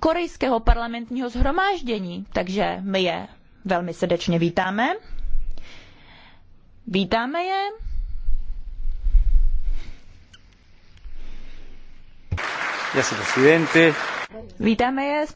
korejského parlamentního zhromáždění, takže my je velmi srdečně vítáme. Vítáme je. Vítáme je.